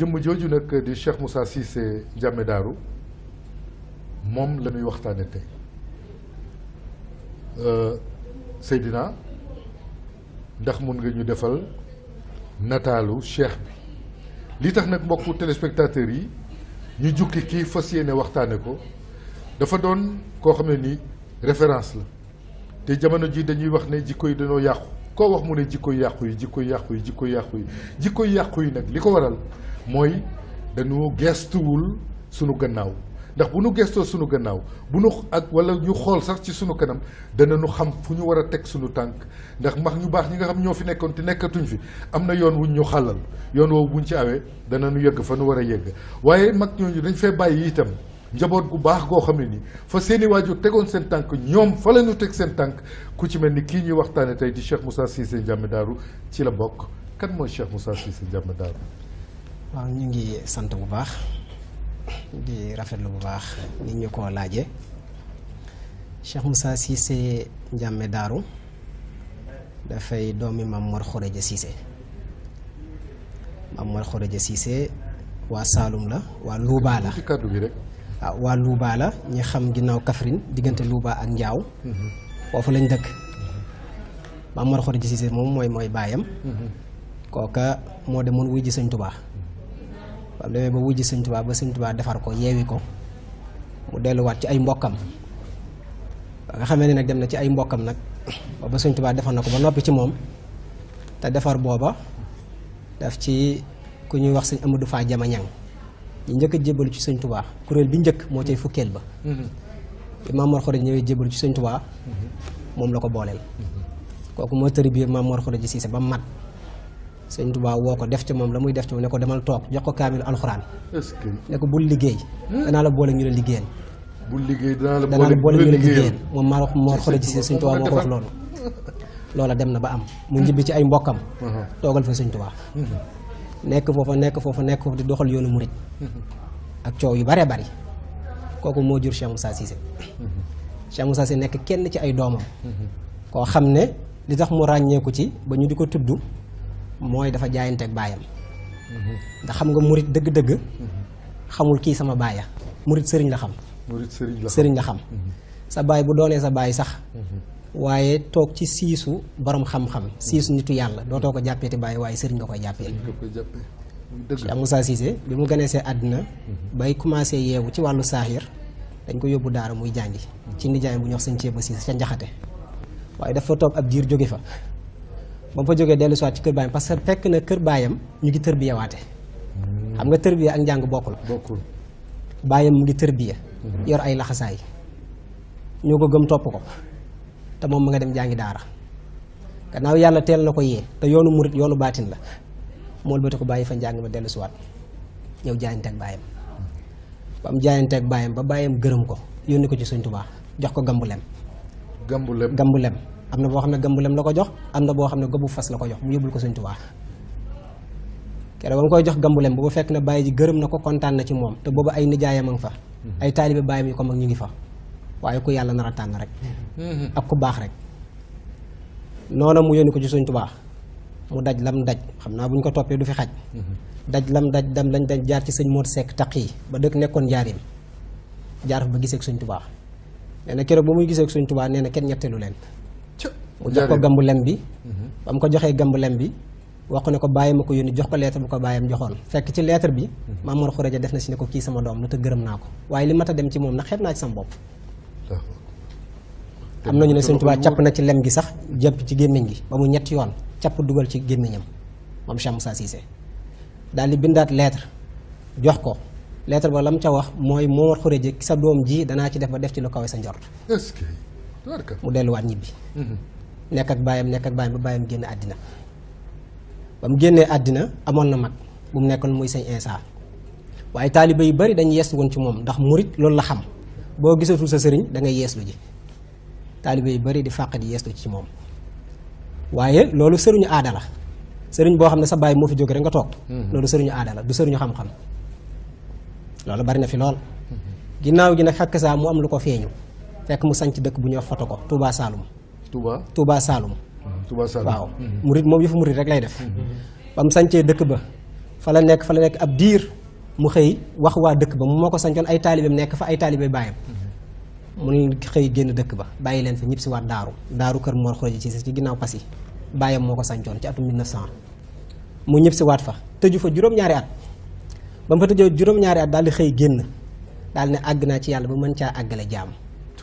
jëmm jooju nag di Cheikh Moussa Cissé Darou la tay euh Seydina ndax nga ñu defal Natalou, cheikh bi li tax mbokku téléspectateurs yi ñu jukki ki ko dafa ni référence la té jamono dañuy wax né jikko yi dañoo de wax mu né jikko yi jikko yi jikko yi jikko mooy dañu gestuwul sunu gannaaw ndax bu nu gestoo sunu gannaaw bu nu ak wala ñu xool sax ci sunu kanam dana nu xam fu ñu war a teg sunu tànk ndax max ñu baax ñi nga xam ñoo fi nekkoon te nekkatuñ fi am na yoon wuñ ñu xàllal yoon bu ñu ci awee dana nu yëgg fa nu war a yëgg waaye mag ñooñu dañ fee bàyyi itam njaboot gu baax goo xam ne nii fa seen i waajur tegoon seen tànk ñoom fa la ñu teg seen tànk ku ci mel ni kii ñuy waxtaane tey di Cheikh Moussa Cissé Ndiamé Darou ci la bokk kan mooy Cheikh Moussa Cissé Ndiamé Darou waaw ñu ngi sant bu baax di rafetlu bu baax nit ñu ko laajee Cheikh Moussa Cissé njàmme daaru dafay doomi Maam Mor Xoreja Cissé Maam Mor waa Saalum la waa Luubaa la waaw ah, waa Luubaa la ñi xam ginnaaw kafrin diggante Luubaa ak Njaaw foofu lañ dëkk Maam Mor Xoreja Cissé moom mooy mooy baayam mhm. kooka moo demoon wuy ji Sëñ Tubaa bam demee ba wujj sëñ Tuubaa ba sëñ Tuubaa defar ko yeewi ko mu delluwaat ci ay mbokkam ba nga xamee ne nag dem na ci ay mbokkam nag ba sëñ Tuubaa defar na ko ba noppi ci moom te defar booba def ci ku ñuy wax sëñ Amadou Fa Jama a jébalu ci sëñ Tuubaa kuréel bi njëkk moo cay fukkeel ba bi Maam Mor Xoroj ñëwee jébalu ci sëñ Tuubaa moom la ko booleel mm-hmm. kooku moo tëri bi Maam Mor Xoroj Siise ba mat sëñ Tuubaa woo ko def ci moom la muy def ci moom ne ko demal toog jox ko kaamil alxuraan. ne ko bul liggéey. danaa la boole ñu la liggéeyal. bul liggéey danaa la boole ñu la liggéeyal moom maa moo xool ci sëñ Tuubaa moo ko wax loolu. loola dem na ba am mu njibbi ci ay mbokkam. Uh-huh. toogal fa sëñ Tuubaa. Uh-huh. nekk foofa nekk foofa nekk foofa di doxal yoonu murit uh-huh. ak coow yu bare bari kooku moo jur Cheikh Moussa Cissé. Cheikh Moussa nekk kenn ci ay doomam. koo xam ne li tax ci ba ñu di moy dafa ak bayam mhm. ndax xam nga murit deug deug mhm. xamul ki sama baaya ya. murit sëriñ la xam sëriñ la xam mhm. sa baye bu doone sa baye sax waye tok ci sisu borom xam-xam sisu nitu yalla do ko jàppeeti baye waye sëriñ nga koy jàppee Cheikh sa Cissé bi mu gënee see bay commencé yewu ci walu sahir dañ ko yobbu daara muy jangi ci nijaay bu ñox ci ba Cissé ca njaxate waye dafa toog ab diir jóge fa ba mu fa jógee dellu soit ci kër baayam parce que fekk na kër baayam ñu ngi tërbiya waate xam nga tërbiya ak njàng bokkul baayam mu ngi tërbiya mhm. yor ay laxasaay ñoo ko gëm topp ko te moom mu nga dem jàngi daara gannaaw yàlla teel na ko yee te yoonu murit yoonu baatin la mool bati ko bàyyi fa njàng ma dellu siwaat ñëw jaayante ak baayam ba mu jaayante ak baayam ba baayam gërëm ko yónni ko ci Sëñ Tuubaa jox ko gambu lem gambulem am na boo xam ne gëmbulem la ko jox am na boo xam ne gobu fas la ko jox mu yóbbul ko Sëñ Tuubaa keroog ba koy jox gëmbulem boobu fekk na bàyyi ji gërëm na ko kontaan na ci moom te boobu ay nijaayam a ngi fa mm-hmm. ay taalibe bàyyam yi ko mag ñu ngi fa waaye ku yàlla nar a rek mm-hmm. ak ku baax rek noona mu yónni ko ci Sëñ Tuubaa mu daj lam daj xam naa bu ko toppee du fi xaj mm-hmm. daj lam daj dam lañ daj jaar ci sëñ Moor Seck taq yi ba dëkk nekkoon njaarim jaar fa gisee ak Sëñ Tuubaa nee na keroog muy gisee ak Sëñ Tuubaa na kenn ñetteelu leen mu jox ko gambu lem bi mhm. bam ko joxe gambu lem bi wax ne ko bàyyi ko jox ko lettre bu ko bayam joxoon fek ci lettre bi mhm. Mamour Khoureja def na ci ne ko ki sama dom lu te geureum nako waye li mata dem ci mom na xeeb naa ci sama bop am nañu ne seigne touba ciap na ci lem gi sax jep ci gémmiñ gi bamu mu yoon ciap dugal ci gémmiñam moom Cheikh Moussa Cissé dal li bindat lettre jox ko lettre ba lam ca wax mamour Momar Khoureja sa dom ji dana ci def ba def ci lu kawé sa mu nekk ak baayam nekk ak baayam bu baayam génn àddina ba mu génnee àddina amoon na mag bu mu nekkoon muy sëñ Insa waaye taaliba yu bari dañ yees woon ci moom ndax murit loolu la xam boo gisatul sa sëriñ da ngay yeeslu ji taaliba yu bari di fàq di yeeslu ci moom waaye loolu sëriñu aada sëriñ boo xam ne sa baay moo fi jóge rek nga toog mhm. loolu sëriñu aada la du sëriñu xam-xam loolu bari na fi lool ginnaaw gi nag xakk saa mu am lu ko feeñu fekk mu sanc dëkk bu ñoo foto ko Touba Saloum tubaa saalum Saloum. Mmh, Touba Saloum waaw. Mmh. murit moom yëfu murit rek lay def. Mmh, ba mu sancee dëkk ba fa la nekk fa la nekk ab diir mu xëy wax waa dëkk ba mu moo ko sancoon ay taalibeem nekk fa ay taalibe baayam. mu ngi xëy génn dëkk ba bàyyi leen fi ñëpp si waat daaru daaru kër Mor Xoroji ci ci ginnaaw pas yi baayam moo ko sancoon ci atum 1900 mu ñëpp si waat fa tëju fa juróom-ñaari at ba mu fa tëjoo juróom-ñaari at daal di xëy génn daal ne àgg naa ci yàlla ba mën caa àggale jaam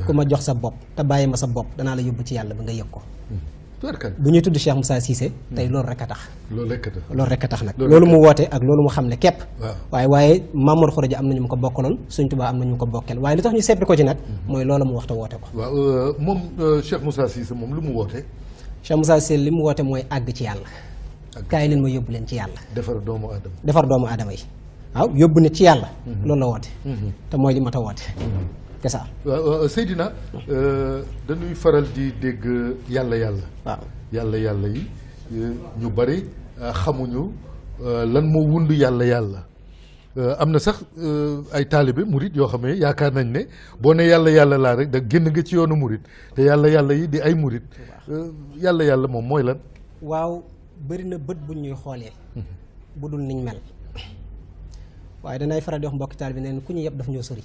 ku ma jox sa bopp te bàyyi ma sa bopp danaa la yóbbu ci yàlla ba nga yëg ko hmm. bu ñuy tudd Cheikh Moussa Cissé hmm. tey loolu rek a tax loolu rek a tax nag loolu mu woote ak loolu mu xam ne képp waaye waaye Mamour Khourédia am nañu mu ko bokkaloon Sëñ Tuubaa am nañu mu ko bokkeel waaye li tax ñu seppi ko ci nag hmm. mooy loolu mu waxta woote ko waaw euh, moom euh, Cheikh Moussa Cissé mu woote Cheikh Moussa Cissé li mu woote mooy àgg ci yàlla kaay leen ma yóbbu leen ci yàlla defar doomu aadama doomu aadama yi waaw yóbbu ci yàlla c'est ça. waaw Seydina euh, dañuy faral di dégg yàlla yàlla. yàlla yàlla yi euh, ñu bari euh, xamuñu lan moo wund yàlla yàlla. am na sax ay taalibe murit yoo xam ne yaakaar nañ ne boo ne yàlla yàlla laa rek da génn nga ci yoonu murit te yàlla yàlla yi di ay murit yàlla yàlla moom mooy lan. waaw bëri na bët bu ñuy xoolee. Mhm. bu dul niñ mel. waaye danay faral di wax mbokki taalibe neen ku ñu yëpp daf ñoo sori.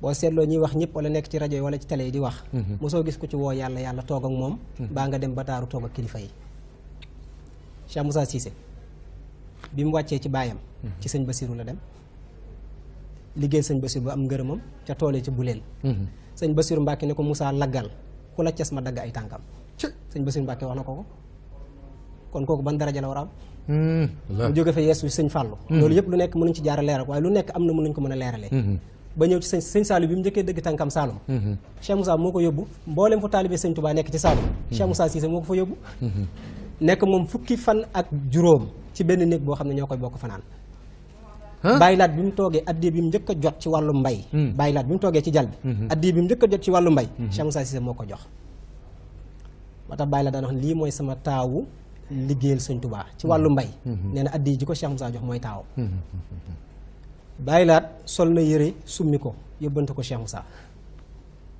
boo seetloo ñuy wax ñëpp wala nekk ci rajo yi wala ci tele yi di wax mhm. soo gis ko ci woo yàlla yàlla toog moom mhm. baa nga dem ba taaru toog ak kilifa yi Cheikh Moussa Cissé bi mu wàccee ci baayam mhm. ci sëñ Basiru la dem liggéey sëñ Basiru ba am ngërëmam ca toolee ci buleel sëñ Basiru Mbàkke ne ko Moussa laggal ku la ces ma dagg ay tànkam sëñ Basiru Mbàkke wax na ko ko kon kooku ban daraja la war a am hmm. mu jóge fa yeesu sëñ Fàllu hmm. loolu yëpp lu nekk mënuñ ci jaar a leeral waaye lu nekk am na mënuñ ko mën a leeralee hmm. ba ñëw ci sëñ sëñ Saliou bi mu njëkkee dëgg tànkam Saloum mhm. Cheikh Moussa moo ko yóbbu mboolem fu taalibe sëñ Touba nekk ci Saloum mhm. Cheikh Moussa Cissé moo ko fa yóbbu mhm. nekk moom fukki fan ak juróom ci benn néeg boo xam ne ñoo koy bokk fanaan bàyyi laat bi mu toogee addiya bi njëkk a jot ci wàllu mbay bàyyi laat mu toogee ci jal bi addiya bi mu jot ci wàllu mbay Cheikh Moussa Cissé moo ko jox moo tax bàyyi laat daan wax ne lii mooy sama taawu liggéeyal sëñ Touba ci wàllu mbay nee na addiya ji ko Cheikh saa jox mooy taaw bàyyi laat sol na yëre summi ko yóbbante ko Cheikh Moussa.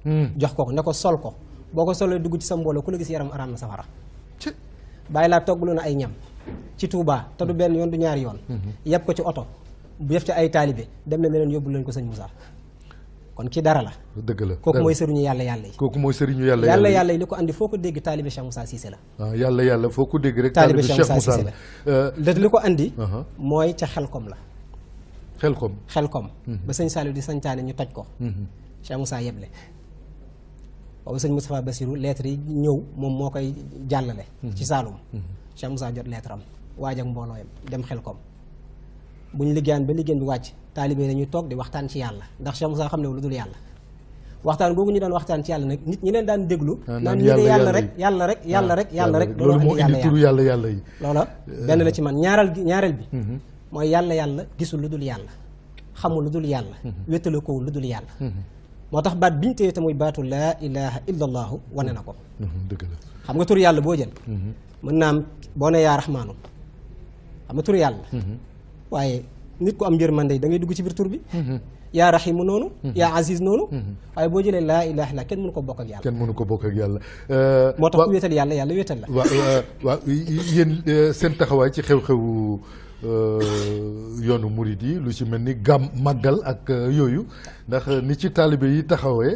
Hmm. jox ko ko ne ko sol ko boo ko solee dugg ci sa mbooloo ku la gis yaram araam na safara. bàyyi laat toggaloo na ay ñam ci Touba te du benn yoon du ñaari yoon. Hmm. yeb ko ci oto bu def ci ay taalibe dem na ne leen yóbbu leen ko sëñ Moussa. kon ki dara la. dëgg la kooku mooy sëriñu yàlla yàlla yi. kooku mooy sëriñu yàlla li ko indi foo ko dégg taalibe Cheikh Moussa Cissé la. waaw ah, yàlla yàlla foo ko dégg rek. taalibe Cheikh Moussa Cissé la euh, li ko andi. Uh-huh. mooy ca xelkom la. xelkom xelkom mm-hmm. ba seigne salou di santiane ñu toj ko Cheikh Moussa mm-hmm. yeble boobu seigne Moustapha basirou lettre yi ñew mom mo koy jàllale mm-hmm. ci Saloum Cheikh Moussa jot lettre am waaj ak mboolooyam dem xelkom buñu buñ ba liggéey bi wacc talibé yi tok di waxtaan ci yalla ndax Cheikh Moussa xam lu dul yalla waxtaan gogu ñu daan waxtaan ci yalla nak nit ñi leen daan déglu ah, naan ñi yalla rek yalla rek yalla ah, rek yalla rek lolu mo indi turu yalla yalla yi lolu benn la ci man ñaaral ñaaral bi moy yàlla yàlla gisul lu yàlla xamul lu yàlla wéttaloo ko yàlla motax bat biñ téye tamoy batu la ilaha illa allah wane na la xam nga tur yàlla bo jël mën naa am boo ne yaa raxmaanu xam tur yàlla waye nit ko am man day da ngay dugg ci bir tur bi يا رحيم نونو يا عزيز نونو waaye boo jëlee laa ilaha illa كين mënu ko bokk يالا كين kenn mënu ko bokk ak موتاخ ويتال يالا يالا ويتال yàlla وا wéetal la waaw waaw yéen خيو taxawaay Euh, yoonu murid yi lu ci mel ni gàmm màggal ak euh, yooyu ndax euh, ni ci taalibe yi taxawee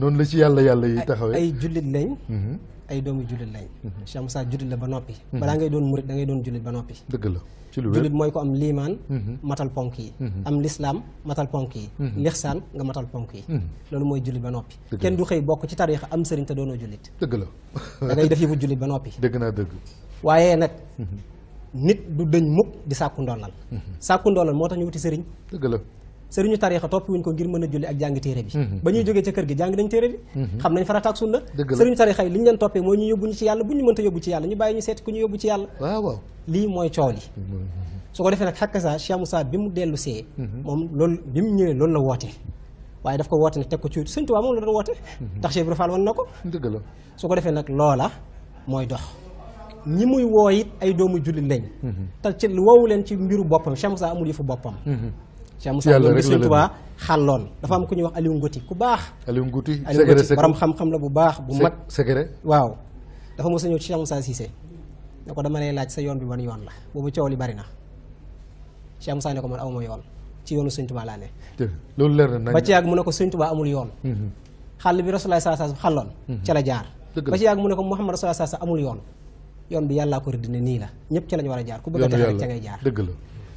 noonu la ci yàlla yàlla yi taxawee ay jullit lañ mhm. ay doomu jullit lañ mhm. Cheikh Moussa jullit la ba noppi mhm. balaa ngay doon murid da ngay doon jullit ba noppi dëgg la ci lu mooy ko am liimaan matal ponk yi am lislaam matal ponk yi lixsaan nga matal ponk yi loolu mooy jullit ba noppi kenn du xëy bokk ci tariixa am sëriñ te doonoo jullit dëgg la da def yëfu jullit ba noppi dëgg naa dëgg waaye nag nit du dëñ mukk di sàkku ndollal mhm. sàkku ndollal moo tax ñu wuti sëriñ dëgg la sëriñu tariixa topp wuñ ko ngir mën a julli ak jàng téere bi mhm. ba ñuy jógee ca kër gi jàng nañ téere bi mhm. xam nañ farata ak sunna sëriñu tariixa yi li ñu leen toppee mooy ñu yóbbu ñu ci yàlla bu ñu mënta yóbbu ci yàlla ñu bàyyi ñu seeti ku ñu yóbbu ci yàlla lii mooy coow li su ko defee nag xakka sa Cheikh saa bi mu dellu see moom loolu bi mu ñëwee loolu la wootee waaye daf ko woote teg ko ci Sëriñ Tuubaa moom la doon woote ndax Cheikh Ibra Fall wan na ko dëgg la su ko defee nag loola mooy dox ñi muy woo it ay doomu jullit lañ mm-hmm. te ci woowu leen ci mbiru boppam Cheikh Moussa amul yëfu boppam mm-hmm. Cheikh Moussa doon Sëriñ Tuubaa xàlloon am ku ñuy wax Aliou ku baax Aliou Ngouti borom xam-xam la bu baax bu mat secret waaw dafa mos a ñëw ci Cheikh Moussa laaj sa yoon bi wan yoon la boobu coow li bari na Cheikh Moussa ne ko man ci yoonu Sëriñ Tuubaa laa ne loolu leer mu ko Sëriñ Tuubaa amul yoon mm-hmm. xàll bi Rasulullah sallallahu alayhi wasallam xàlloon ca la jaar ba ci yàgg mu ne ko Muhammad Rasulullah sallallahu alayhi wasallam amul yoon yoon bi yàllaa ko rëdd ne nii la ñëpp ci lañ war a jaar ku bëgg a def rek jaar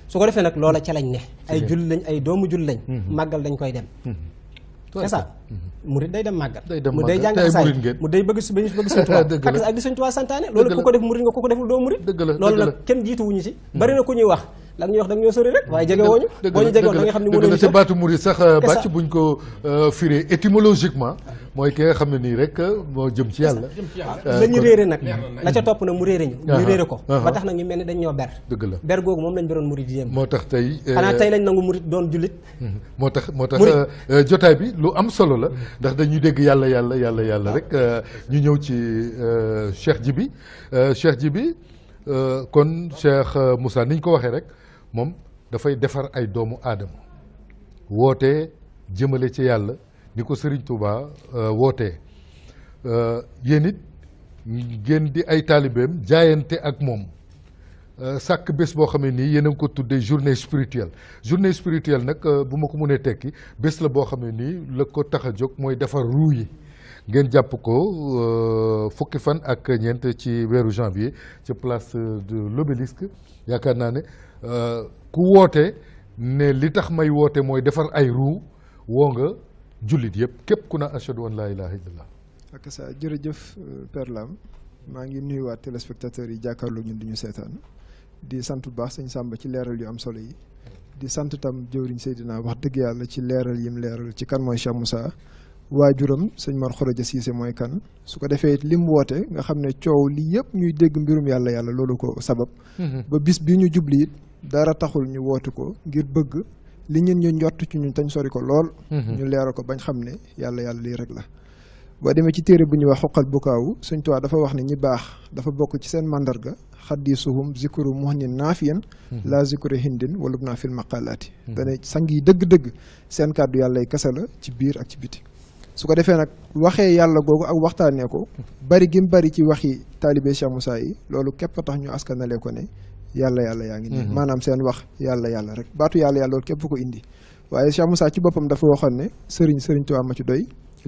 su ko defee nag loola ca lañ ne ay jul lañ ay doomu jul lañ mm-hmm. màggal dañ koy dem mm-hmm. c'est ça mm-hmm. murid day dem màggal mu day jàng xasaay mu day bëgg su bëgg suñ tubaab ak di suñ tubaab santaane loolu ku ko def murid nga ku ko deful doo murid loolu nag kenn jiitu wuñu ci bari na ku ñuy wax la nga wax da nga ñoo sori rek waaye jege wooñu boo ñu jege woon da xam ne mu dëgg la sax bàcc buñ ko euh, firee étymologiquement mooy ki nga xam ne nii rek euh, moo jëm ci yàlla euh, la réere nag la ca topp na mu réere ñu ñu réere ko ba tax nag ñu mel ni dañ ñoo ber dëgg la ber googu moom lañ beroon murid yi moo tax tey xanaa tey lañ nangu murid doon jullit moo tax moo tax jotaay bi lu am solo la ndax dañuy dégg yàlla yàlla yàlla yàlla rek ñu ñëw ci Cheikh Djibi Cheikh Djibi kon Cheikh Moussa ni ko waxee rek moom dafay defar ay doomu aadama wootee jëmale ci yàlla ni ko Serigne Touba euh, wootee euh, yéen it ngeen di ay taalibeem jaayante ak moom euh, sàkk bés boo xam ne nii yéen a ngi ko tuddee journée spirituelle journée spirituelle nag bu ma ko mënee tekki bés la boo xam ne nii la ko tax a jóg mooy defar ruu yi ngeen jàpp ko euh, fukki fan ak ñeent ci weeru janvier ci place de l'obélisque yaakaar naa ne euh, ku woote ne li tax may woote mooy defar ay ruu woo nga jullit yëpp képp ku na ashadu an laa ilaaha illallah ak sa jërëjëf euh, Père Lam maa ngi nuyuwaat téléspectateurs yi jàkkaarloo ñun di ñu seetaan di sant bu baax sëñ Samba ci leeral yu am solo yi di sant tam jëwriñ Seydina wax dëgg yàlla ci leeral yim leeral ci kan mooy Cheikh wajuram sëñ mar Khoroja Cissé moy kan su ko defee lim woté nga xamné ciow li yépp ñuy dégg mbirum yalla yalla lolu ko sabab mhm. ba bis bi ñu jubli dara taxul ñu woté ko ngir bëgg li ñun ñu ñott ci ñun tañ sori ko lool mhm. ñu leeral ko bañ xamné yalla yalla li rek la boo démé ci téré bu ñu wax xoqal tuwa dafa wax ni ñi bax dafa bokk ci seen mandarga hadithuhum zikru muhnin nafiyan mhm. la zikru hindin walub naa fil maqalat dañ sangi deug deug dëgg seen kàddu yàlla kese la ci biir ak ci biti su ko defee nag waxee yàlla googu ak waxtaanee ko bari gi mu bari ci waxi taalibe Cheikh Moussa yi loolu képp a tax ñu askanalee ko ne yàlla yàlla yaa ngi nii. Mhm. maanaam seen wax yàlla yàlla rek baatu yàlla yàlla loolu képp ko indi. waaye Cheikh Moussa ci boppam dafa waxoon ne sëriñ sëriñ Tuubaa ma ci doy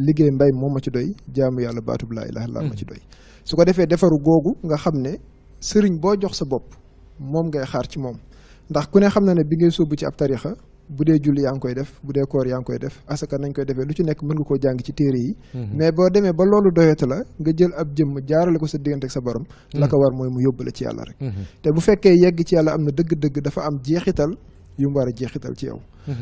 liggéey mbay moom ma ci doy jaamu yàlla laay laa ilaaha ma ci mhm. doy. su ko defee defaru googu nga xam ne sëriñ boo jox sa bopp moom ngay xaar ci moom ndax ku ne xam na ne bi ngay ci ab tarixa bu dee julli yaa ngi koy def bu dee koor yaa ngi koy def asaka nañ koy defee lu ci nekk mën nga koo jàng ci téere yi mhm. mais boo demee ba loolu doyata la nga jël ab jëmm jaarale ko sa diggante ak sa borom mhm. la ko war mooy mu yóbbale ci yàlla rek mhm. te bu fekkee yegg ci yàlla am na dëgg-dëgg dafa am jeexital yu mu a jeexital ci yow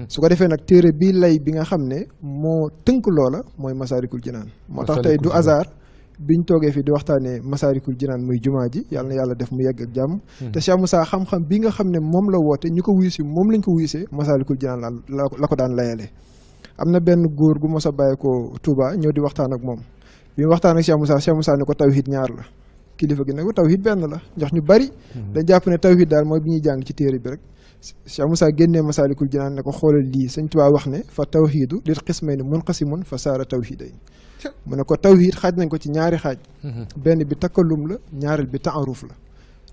su ko defee nag téere bii lay bi nga xam ne moo tënk loola mooy Masaalikul Jinaan moo tax tey du hasard biñ toogee fi di waxtaanee Masaalikul Jinaan muy jumaa ji yàlla na yàlla def mu yegg ak jàmm te Cheikh Moussa xam-xam bi nga xam ne moom la woote ñu ko wuyusi moom lañ ko wuyusee Masaalikul Jinaan la la ko daan layalee am na benn góor gu mos a bàyyi ko Touba ñëw di waxtaan ak moom bi mu waxtaan ak Cheikh Moussa Cheikh Moussa ne ko tawhid ñaar la kilifa gi ne ko tawhid benn la ndax ñu bari dañ jàpp ne tawhid daal mooy bi ñuy jàng ci téere bi rek Cheikh Moussa génnee Masaalikul Jinaan ne ko xoolal lii Sëñ Tuubaa wax ne fa tawhidu lil qismayni munqasimun fa saara tawhidayn mu ne ko tawhid xaaj nañ ko ci ñaari xaaj mhm. benn bi takkalum la ñaareel bi taaruf la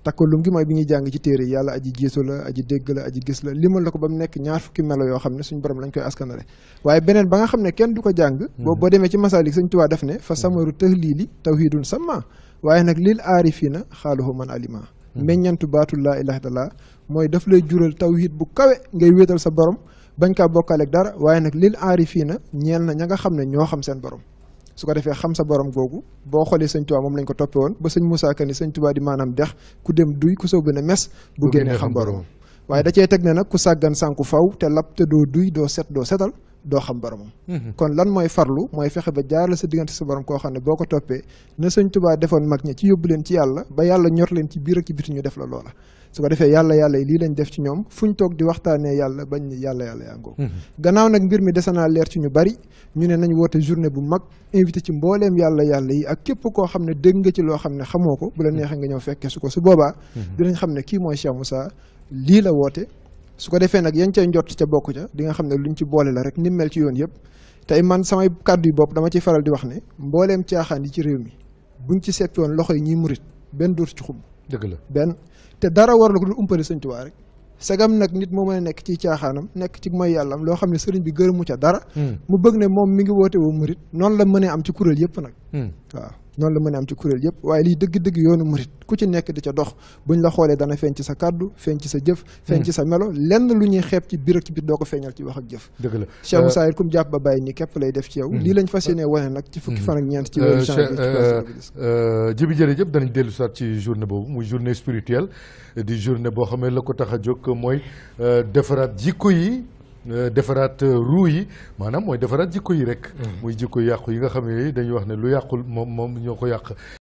takkalum gi mooy bi ñuy jàng ci téere yi yàlla aji jiisu la aji dégg la aji gis la limal la ko ba mu nekk ñaar fukki melo yoo xam ne suñ borom lañ koy askanale waaye beneen ba nga xam ne kenn du ko jàng mhm. boobu boo demee ci masalik Sëñ Tuubaa def ne fa mhm. samaru tahlili tawhidun sama waaye nag lil aarifina xaaluhu man alima meññantu baatu laa ilaha mooy daf lay jural tawhid bu kawe ngay wéetal sa borom bañ kaa bokkaaleeg dara waaye nag lil aarifina ñeel na ña nga xam ne ñoo xam seen borom su ko defee xam sa borom googu boo xoolee sëñ Tuubaa moom lañ ko toppe woon ba sëñ Moussa Ka ni sëñ Tuubaa di maanaam dex ku dem duy ku soo gën mes bu génnee xam boromam waaye da cee teg ne nag ku sàggan sànku faw te lab te doo duy doo set doo setal doo xam boromam mhm. kon lan mooy farlu mooy fexe ba jaarale sa diggante sa borom koo xam ne boo ko toppee ne sëñ Tuubaa defoon mag ña ci yóbbu leen ci yàlla ba yàlla ñor leen ci biir ak ci biti ñu def la loola su ko defee yàlla yàlla yi lii lañ def ci ñoom fu ñu toog di waxtaanee yàlla bañ ni yàlla yàlla yaa ngoo mm-hmm. gannaaw nag mbir mi dese naa leer ci ñu bari ñu ne nañ woote journée bu mag invité ci mbooleem yàlla yàlla yi ak képp koo xam ne dégg nga ci loo xam ne xamoo ko bu la neexee nga ñëw fekkee su ko su boobaa mm-hmm. dinañ xam ne kii mooy Cheikh Moussa lii la woote su ko defee nag yañ njot njott ca bokk ca di nga xam ne ñu ci boole la rek ni mel ci yoon yëpp tey man samay kàddu yi bopp dama ciy faral di wax ne mbooleem caaxaan yi ci réew mi buñ ci seppi loxo yi ñuy murit benn dootu ci xub dëgg la benn te dara war la ko dul umpale sëñ Tuubaa rek sagam nag nit moo mën a nekk ci caaxaanam nekk ci mooy yàllam loo xam ne sëriñ bi gërëmu ca dara hmm. mu bëgg ne moom mi ngi woote woo murit noonu la mënee am ci kuréel yëpp nag hmm. waaw noonu la mën a am ci kuréel yëpp waaye liy dëgg-dëgg yoonu murit ku ci nekk di ca dox buñ la xoolee dana feeñ ci sa kàddu feeñ ci sa jëf feeñ hmm. ci sa melo lenn lu ñuy xeeb ci biir ak ci biir doo ko feeñal ci wax ak jëf dëgg la Cheikh Moussa yit euh, kum jàpp ba bàyyi képp lay def ci yow hmm. lii lañ fas yéenee wane nag ci fukki hmm. fan ak ñeent ci weeru euh, janvier euh, jibi jërëjëf danañ dellu saat ci journée boobu muy journée spirituelle di journée boo xamee la ko tax a jóg mooy defaraat jikko yi Euh, defaraat euh, ruu yi maanaam mooy defaraat jikko yi rek. Mm. muy jikko yàqu yi nga xam ne dañuy wax ne lu yàqul moom moom ñoo ko yàq.